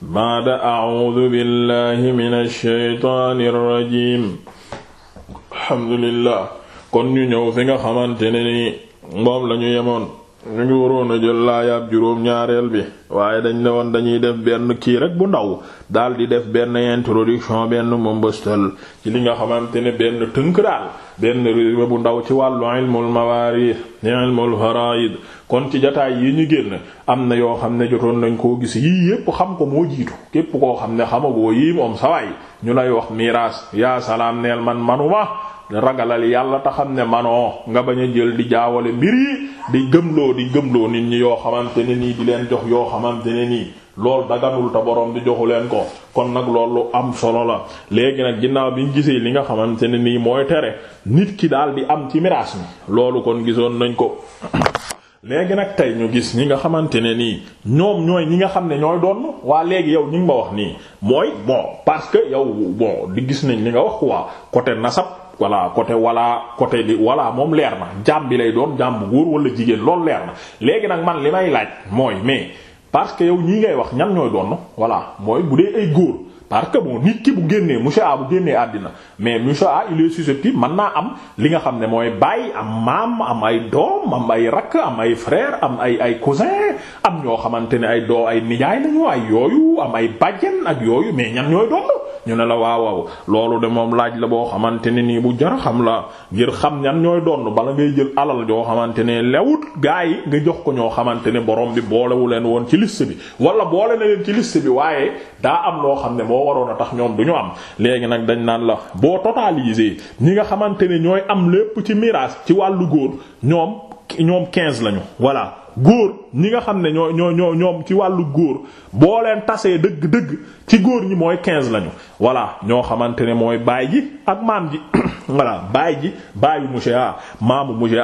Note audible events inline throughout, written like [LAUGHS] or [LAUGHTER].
baada acuudu billahi min alsheytaani irrajim alhamdulillah kon ñu ñëw fi nga xamante ne ni moom lañu yemoon ñu ngi waroon a jël laayaab juróom ñaareel bi waaye dañ ne woon dañuy def benn kii rek bu ndaw daal di def benn introduction benn mombastal ci li nga xamante ne benn tënk daal benn bu ndaw ci wàllu ilmul mawaarith ilmul faraid kon ci jotaay yii ñu génn am na yoo xam ne jotoon nañ koo gis yii yépp xam ko moo jiitu képp koo xam ne xamagoo yii moom sawaay ñu lay wax miraas yaa salaam neel man manuma ragalal yàlla taxam ne manoo nga bañ a jël di jaawale mbir yi di gëmloo di gëmloo nit ñi yoo xamante ne nii di leen jox yoo xamante ne nii lool daganul te borom di joxu leen ko kon nag loolu am solo la léegi nag ginnaaw bi gisee li nga xamante ne nii mooy tere nit ki daal di am ci miraas loolu kon gisoon nañ ko léegi nag tey ñu gis ñi nga xamante ne nii ñoom ñooy ñi nga xam ne ñooy doon waa léegi yow ñu ngi ma wax nii mooy bon parce que yow bon di gis nañ li nga wax quoi côté nasab voilà côté wala côté li wala moom leer na jaam bi lay doon jaam bu góor wala jigéen loolu leer na léegi nag man li may laaj mooy mais parce que yow ñii ngay wax ñan ñooy doon voilà mooy bu dee ay góor. parce que bon nit ki bu génnee monsieur A bu génnee àddina mais monsieur A il est susceptible mën naa am li nga xam ne mooy baay am maam am ay doom am ay rakk am ay frère am ay ay cousin am ñoo xamante ne ay doo ay nijaay nañu ay yooyu am ay bàjjen ak yooyu mais ñan ñooy doom ñu ne la waawaw loolu de moom laaj la boo xamante ne nii bu jar xam la ngir xam ñan ñooy donn bala ngay jël alal joo xamante ne lewut gaa yi nga jox ko ñoo xamante ne borom bi boolewu leen woon ci list bi wala boole na leen ci list bi waaye daa am loo xam ne boo waroon a tax ñoom du ñu am léegi nag dañ naan la boo totalisé ñi nga xamante ne ñooy am lépp ci miraas ci wàllu góor ñoom ñoom quinze lañu voilà góor ñi nga xam ne ñoo ñoo ñoo ñoom ci wàllu góor boo leen tasee dëgg-dëgg ci góor ñi mooy quinze lañu voilà ñoo xamante ne mooy baay ji ak maam ji [COUGHS] voilà baay ji baayu monsieur A maamu monsieur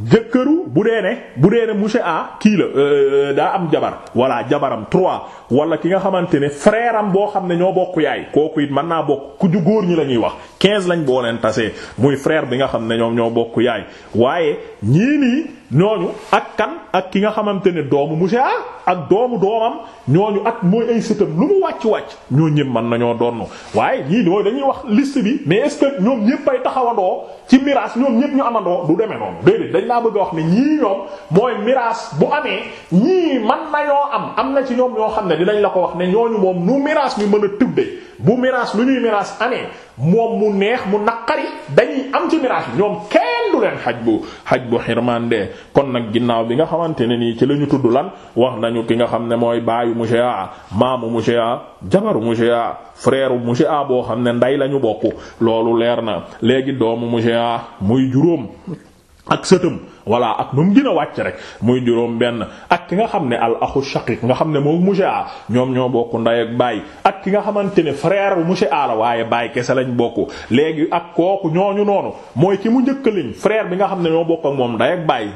jëkkëru bu dee ne bu dee ne monsieur A kii la euh, daa am jabar voilà jabaram trois wala ki nga xamante ne frère boo xam ne ñoo bokk yaay kooku it mën naa bokk ku ju góor ñi la ñuy wax quinze lañ boo leen tasee muy frère bi nga xam ne ñoom ñoo bokk yaay waaye ñii nii ñooñu ak kan ak ki nga xamante ne doomu monsieur A ak doomu doomam ñooñu ak mooy ay sëtam lu mu wàcc wàcc ñoo ñëpp mën nañoo doon waaye ñii ñooy dañuy wax list bi mais est-ce que ñoom ñëpp ay taxawandoo ci miraas ñoom ñépp ñu amandoo du demee noonu déedéet dañ laa bëgg a wax ne ñii ñoom mooy miraas bu amee ñii man na ñoo am am na ci ñoom ñoo xam ne dinañ la ko wax ne ñooñu moom nu miraas mi mën a tuddee bu miraas lu ñuy miraas amee moom mu neex mu naqari dañuy am ci miraas ñoom kenn du leen xaj bu xaj bu xirmaan de kon nag ginnaaw bi nga xamante ne nii ci la ñu tudd lan wax nañu ki nga xam ne mooy baayu monsieur A maamu monsieur A jabaru monsieur A frère boo xam ne nday lañu bokk loolu leer na léegi doomu monsieur A muy juróom ak sëtëm voilà ak nu mu gën wàcc rek muy juróom benn ak ki nga xam ne al axu shaqiq nga xam ne moo monsieur A ñoom ñoo bokk nday ak baay ak ki nga xamante ne frère bu monsieur A la waaye bokk léegi ak kooku ñooñu noonu mooy ki mu njëkk lañ bi nga xam ne ñoo bokk moom nday ak baay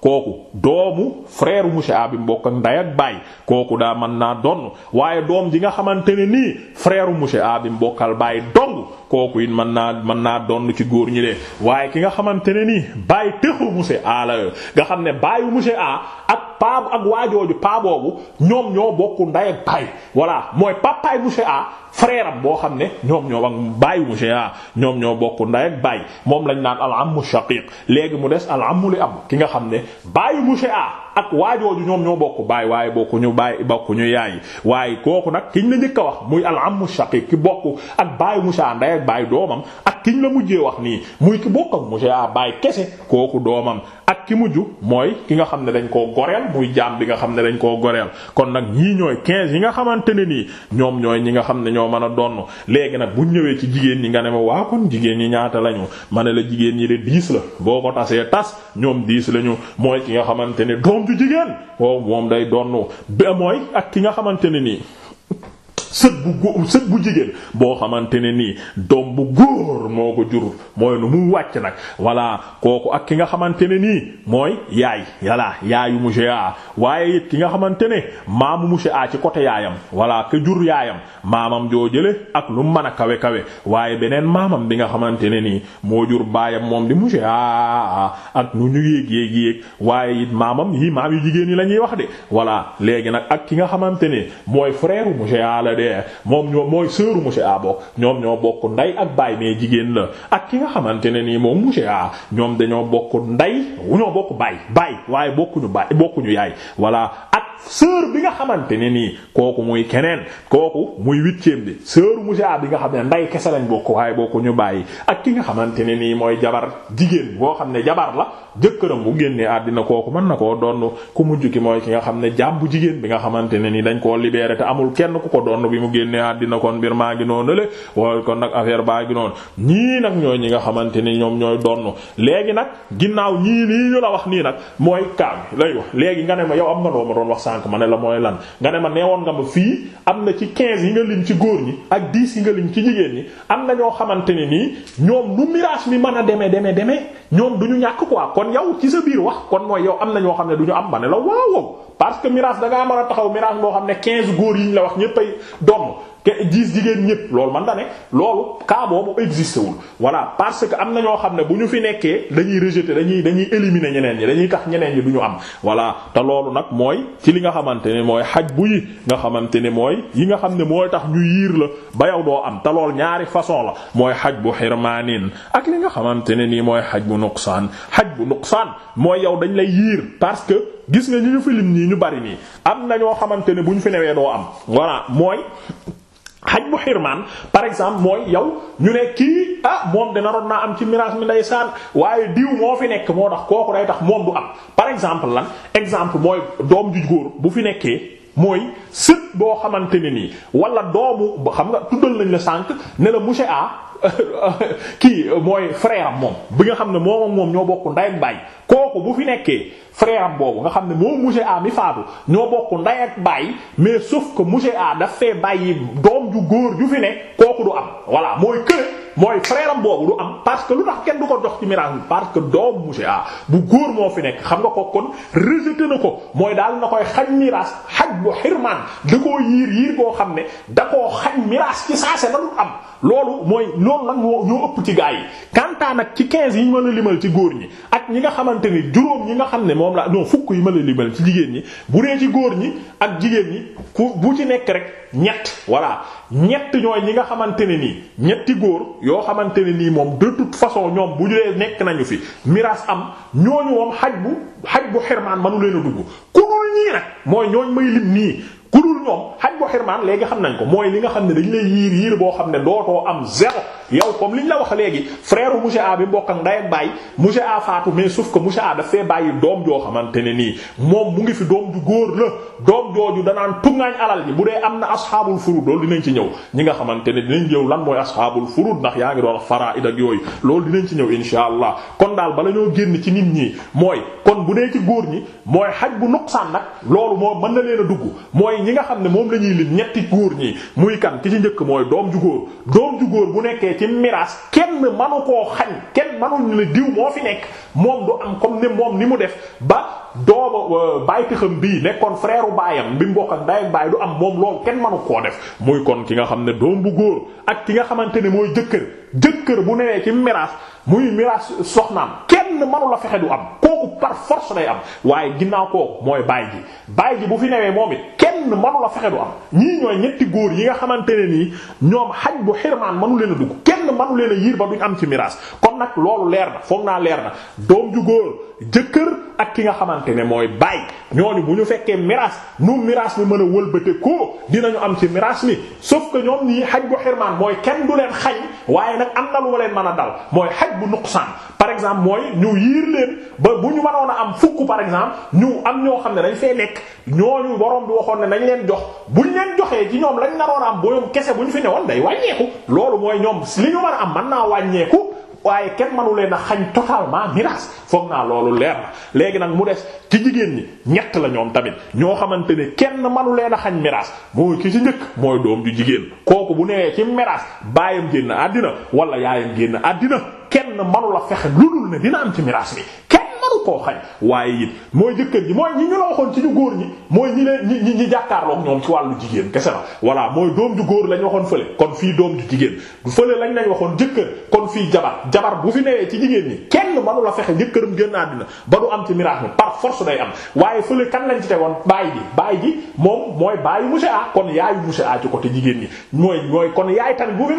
kooku doomu frère monsieur A bi ak nday ak kooku daa mën naa donn waaye doom ji nga xamante ne nii frère monsieur A bi mu bokkal dong kooku it mën naa mën naa donn ci góor ñi de waaye ki nga xamante ne nii baay texu monsieur nga xam ne baayu monsieur A ak paa ak waajooju paa boobu ñoom ñoo bokku nday ak baay voilà mooy papaay monsieur A frère am boo xam ne ñoom ñoo ak baayu monsieur A ñoom ñoo bokku nday ak baay moom lañ naan al ammu shaqiq léegi mu des al ammu li am ki nga xam ne baayu monsieur A ak waajooju ñoom ñoo bokk baay waaye bokku ñu baay bokku ñu yaay waaye kooku nag kiñ la njëkk a wax muy al ammu shaqiq ki bokk ak baayu musa nday ak baay doomam ak kiñ la mujjee wax nii muy ki bokk ak baay kese kooku doomam ak ki mujj mooy ki nga xam ne dañ koo goreel muy jaam bi nga xam ne dañ koo goreel kon nag ñii ñooy 15 yi nga xamante ne nii ñoom ñooy ñi nga xam ne ñoo mën a donn léegi nag bu ñëwee ci jigéen ñi nga ne ma waa kon jigéen ñi ñaata lañu ma ne la jigéen ñi de 10 la boo ko tasee tas ñoom 10 lañu mooy ki doom ju jigéen wow oh, moom day donn ba ak ki nga xamante ne nii sët bu góor sët bu jigéen boo xamante ne nii doom bu góor moo ko jur mooy nu muy wàcc nag voilà kooku ak ki nga xamante ne nii mooy yaay yalla yaayu monsieur A waaye it ki nga xamante ne maamu monsieur A ci côté yaayam voilà ke jur yaayam maamam joo jële ak lu mën a kawe kawe waaye beneen maamam bi nga xamante ne nii moo jur baayam moom di monsieur A ak nu ñu yéeg yéeg yéeg waaye it maamam yi maam yu jigéen ñi la ñuy wax de voilà léegi nag ak ki nga xamante ne mooy frère monsieur A la de dee moom ñoo mooy sœuru monsieur A bokk ñoom ñoo bokk nday ak baay mais jigéen la ak ki nga xamante ne nii moom monsieur A ñoom dañoo bokk nday ñoo bokk baay baay waaye bokkuñu baay bokkuñu yaay voilà sœur bi nga xamante ne nii kooku muy keneen kooku muy huitième bi sœur monsieur A bi nga xam ne nday kese lañ bokk waaye bokku ñu bàyyi ak ki nga xamante ne nii mooy jabar jigéen boo xam ne jabar la jëkkëram bu génnee àddina kooku mën na koo donn ku mujj ki mooy ki nga xam ne jaam bu jigéen bi nga xamante nii dañ koo libéré te amul kenn ku ko donn bi mu génnee àddina kon mbir maa ngi ñooy ñi nga xamante ni ñoom ginnaaw ñii nii ñu la wax nii nag mooy kaam lay wax léegi nga ne ma yow am nga loo ma doon wax sànk ma ne la mooy lan nga ne ma neewoon nga ma fii am na ci 15 yi ci góor ñi ak 10 yi nga lim ci jigéen ñi am na ñoo xamante ne nii ñoom nu miraas mi mën a demee demee demee ñoom du ñu ñàkk quoi kon yow ci sa biir wax kon mooy yow am na ñoo xam ne du ñu am ma ne la waaw parce que miraas da ngaa a taxaw miraas boo xam ne 15 góor yi ñu la wax ñépp doom gis jigéen ñépp loolu man da ne loolu cas boobu existé wul voilà parce que am na ñoo xam ne bu ñu fi nekkee dañuy rejeter dañuy dañuy éliminer ñeneen ñi dañuy tax ñeneen ñi du ñu am voilà te loolu nag mooy ci li nga xamante ne mooy xaj bu nga xamante ne mooy yi nga xam ne mooy tax ñu yiir la ba yow doo am te lool ñaari façon la mooy xaj bu xirmaanin ak li nga xamante ne nii mooy xaj bu nuqsaan xaj bu nuqsaan mooy yow dañ lay yiir parce que gis nga ñu ñu filim nii ñu bari nii am na ñoo xamante ne bu ñu fi newee doo am voilà mooy xaj bu xirmaan par exemple mooy yow ñu ne kii ah moom dina ron naa am ci miraas mi ndeysaan waaye diw moo fi nekk moo tax kooku day tax moom du am par exemple lan exemple mooy doom ju góor bu fi nekkee mooy sët boo xamante ne nii wala doomu xam nga tuddal nañ la sànq ne la monsieur [LAUGHS] kii euh, mooy frère moom bi nga xam ne moom ak moom ñoo bokk nday ak baay kooku bu fi nekkee frère boobu nga xam ne moom monsieur A mi faatu ñoo bokk nday ak bàyyi mais sauf ko monsieur A daf fee bàyyi doom ju góor ju fi ne kooku du am voilà mooy kër. mooy frère am boobu du am parce que lu tax kenn du ko jox ci miraas bi parce que doom monsieur A bu góor moo fi nekk xam nga ko kon rejeté na ko mooy daal na koy xañ miraas xaj bu xirmaan da koo yiir yiir koo xam ne da koo xañ miraas ci saase la dul am loolu mooy loolu nag moo ñoo ëpp ci gaa yi kantaa nag ci 15 yi ñu mën a limal ci góor ñi ak ñi nga xamante ni juróom ñi nga xam ne moom la non fukk yi mën a limal ci jigéen ñi bu dee ci góor ñi ak jigéen ñi ku bu ci nekk rek ñett voilà ñett ñooy ñi nga xamante ne nii ñetti góor yoo xamante ne nii moom de façon ñoom bu ñu dee nekk nañu fi miraas am ñooñu moom xaj bu xaj bu xirmaan mënu leen a dugg ku dul ñii nag mooy ñooñ may lim nii ku dul ñoom xaj bu xirmaan léegi xam nañ ko mooy li nga xam ne dañ lay yiir yiir boo xam ne dootoo am zéro yow comme ñu la wax léegi frère monsieur A bi mbokk ak ndey ak baay monsieur A faatu mais sauf que monsieur daf fee bàyyi doom joo xamante ne nii moom mu ngi fi doom ju góor la doom jooju danaan tuŋaañ alal ji bu dee am na asxaabul furud loolu dinañ ci ñëw ñi nga xamante ne dinañ ñëw lan mooy asxaabul furud ndax yaa ngi doon faraa ak yooyu loolu dinañ ci ñëw insha allah kon daal bala ñoo génn ci nit ñi mooy kon bu dee ci góor ñi mooy xaj bu nuqsaan nag loolu moo mën na leen a dugg ñi nga xam ne moom la ñuy lim ñetti góor ñi muy kan ki ci njëkk mooy doom ju góor doom ju góor bu nekkee ci miraas kenn manu koo xañ kenn manu ne diw moo fi nekk moom du am comme ne moom ni mu def ba dooma euh, baytixam bii nekkoon frère u baayam bi mbokk ak ndey baay du am moom loolu kenn manu koo def muy kon ki nga xam ne doom bu góor ak ki nga xamante ne mooy jëkkër jëkkër bu newee ci miraas muy miraas soxnaam kenn manu la fexe du am kooku par force day am waaye ginnaaw kooku mooy baay ji baay bu fi newee moom it kenn manu la fexe du am ñii ñooy ñetti góor yi nga xamante ne nii ñoom xaj bu xirmaan manu leen a dugg kenn manu leen a yiir ba duñ am ci miraas kon nag loolu leer na foog naa leer na doom ju góor jëkkër ak ki nga xamante ne mooy baay ñooñu bu ñu fekkee miraas nu miraas mi mën a wëlbate ko dinañu am ci miraas mi sauf que ñoom ñii xaj bu xirmaan mooy kenn du leen xañ waaye nag am na lu leen mën a dal mooy xaj par exemple mooy ñu yiir leen ba bu ñu mënoon a am fukk par exemple ñu am ñoo xam ne dañ fee nekk ñooñu borom bi waxoon ne nañ leen jox buñ leen joxee ci ñoom lañ naroon a am booyoom kese bu ñu fi newoon day wàññeeku loolu mooy ñoom li ñu mën a am man naa wàññeeku. waaye kenn manu leen a xañ totalement miraas foog naa loolu leer na léegi nag mu des ci jigéen ñi ñett la ñoom tamit ñoo xamante ne kenn manu leen a xañ miraas mooy ki ci njëkk mooy doom ju jigéen kooku bu newee ci miraas baayam génn àddina wala yaayam génn àddina kenn manu la fexe lu dul ne dina am ci miraas bi kenn manu koo xañ waaye it mooy jëkkër ji mooy ñi ñu la waxoon ci ñu góor ñi mooy ñi leen ñi ñi ñi jàkkaarloog ñoom ci wàllu jigéen kese la voilà mooy doom ju góor lañ waxoon fële kon fii doom ju jigéen du fële lañ lañ waxoon jëkkër kon fii jabar jabar bu fi newee ci jigéen ñi kenn manu la fexe jëkkëram génn àddina ba du am ci miraas bi par force day am waaye fële kan lañ ci tegoon baay ji baay ji moom mooy baayu monsieur A kon yaayu monsieur A côté jigéen ñi mooy mooy kon yaay tamit bu fi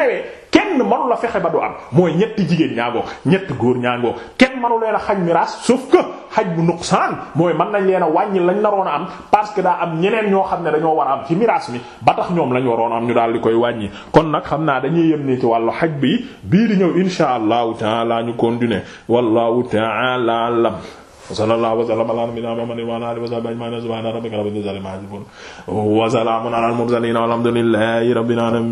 kenn manu la fexe ba du am mooy ñetti jigéen ñaangoo ñetti góor ñaangoo kenn manu leen a xaj miraas sauf que xaj bu nuqsaan mooy mën nañ leen a wàññi lañ naroon a am parce que daa am ñeneen ñoo xam ne dañoo war a am ci miraas mi ba tax ñoom lañ waroon a am ñu daal di koy wàññi kon nag xam naa dañuy yem ni ci wàllu xaj bi bii di ñëw insha allahu taala ñu continuer wallahu taala alam وصلى الله وسلم la نبينا محمد وعلى اله وصحبه اجمعين سبحان ربك رب